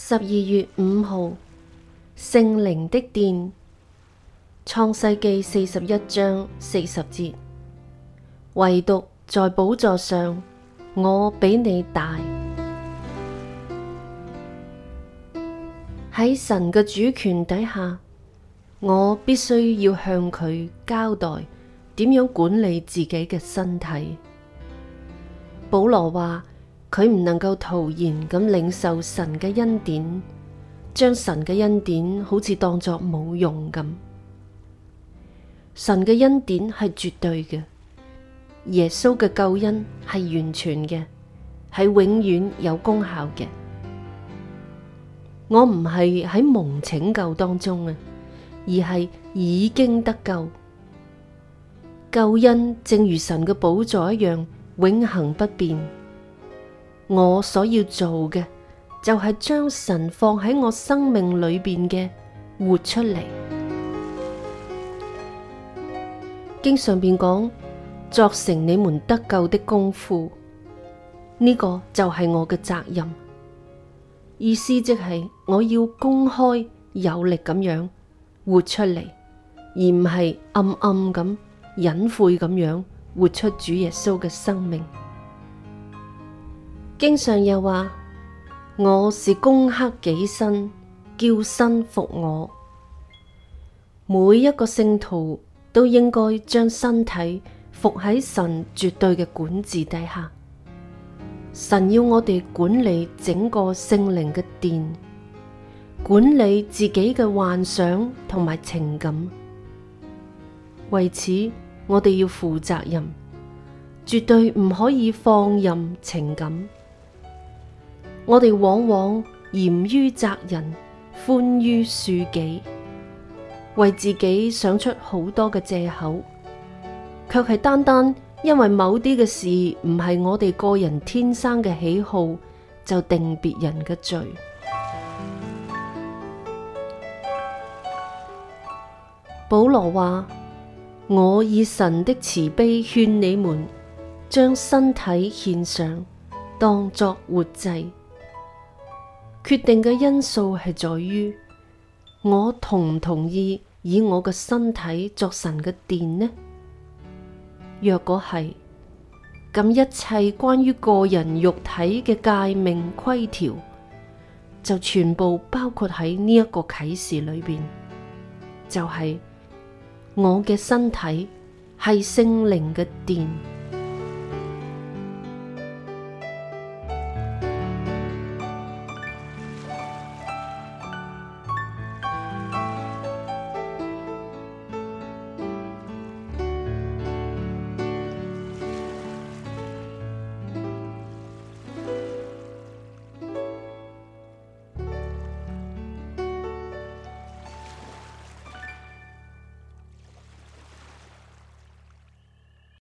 十二月五號，聖靈的殿，創世記四十一章四十節，唯獨在寶座上，我比你大。喺神嘅主權底下，我必須要向佢交代點樣管理自己嘅身體。保羅話。佢唔能夠徒然咁領受神嘅恩典，將神嘅恩典好似當作冇用咁。神嘅恩典係絕對嘅，耶穌嘅救恩係完全嘅，係永遠有功效嘅。我唔係喺蒙拯救當中啊，而係已經得救。救恩正如神嘅寶座一樣，永恆不變。我所要做嘅，就係、是、將神放喺我生命裏邊嘅活出嚟。經上邊講，作成你們得救的功夫，呢、這個就係我嘅責任。意思即、就、係、是、我要公開有力咁樣活出嚟，而唔係暗暗咁隱晦咁樣活出主耶穌嘅生命。經常又話我是攻克己身，叫身服我。每一個聖徒都應該將身體服喺神絕對嘅管治底下。神要我哋管理整個聖靈嘅殿，管理自己嘅幻想，同埋情感。為此，我哋要負責任，絕對唔可以放任情感。我哋往往嚴於責人，寬於恕己，為自己想出好多嘅借口，卻係單單因為某啲嘅事唔係我哋個人天生嘅喜好，就定別人嘅罪。保羅話：「我以神的慈悲勸你們，將身體獻上，當作活祭。」決定嘅因素係在於我同唔同意以我嘅身體作神嘅殿呢？若果係，咁一切關於個人肉體嘅誡命規條就全部包括喺呢一個啟示裏邊，就係、是、我嘅身體係聖靈嘅殿。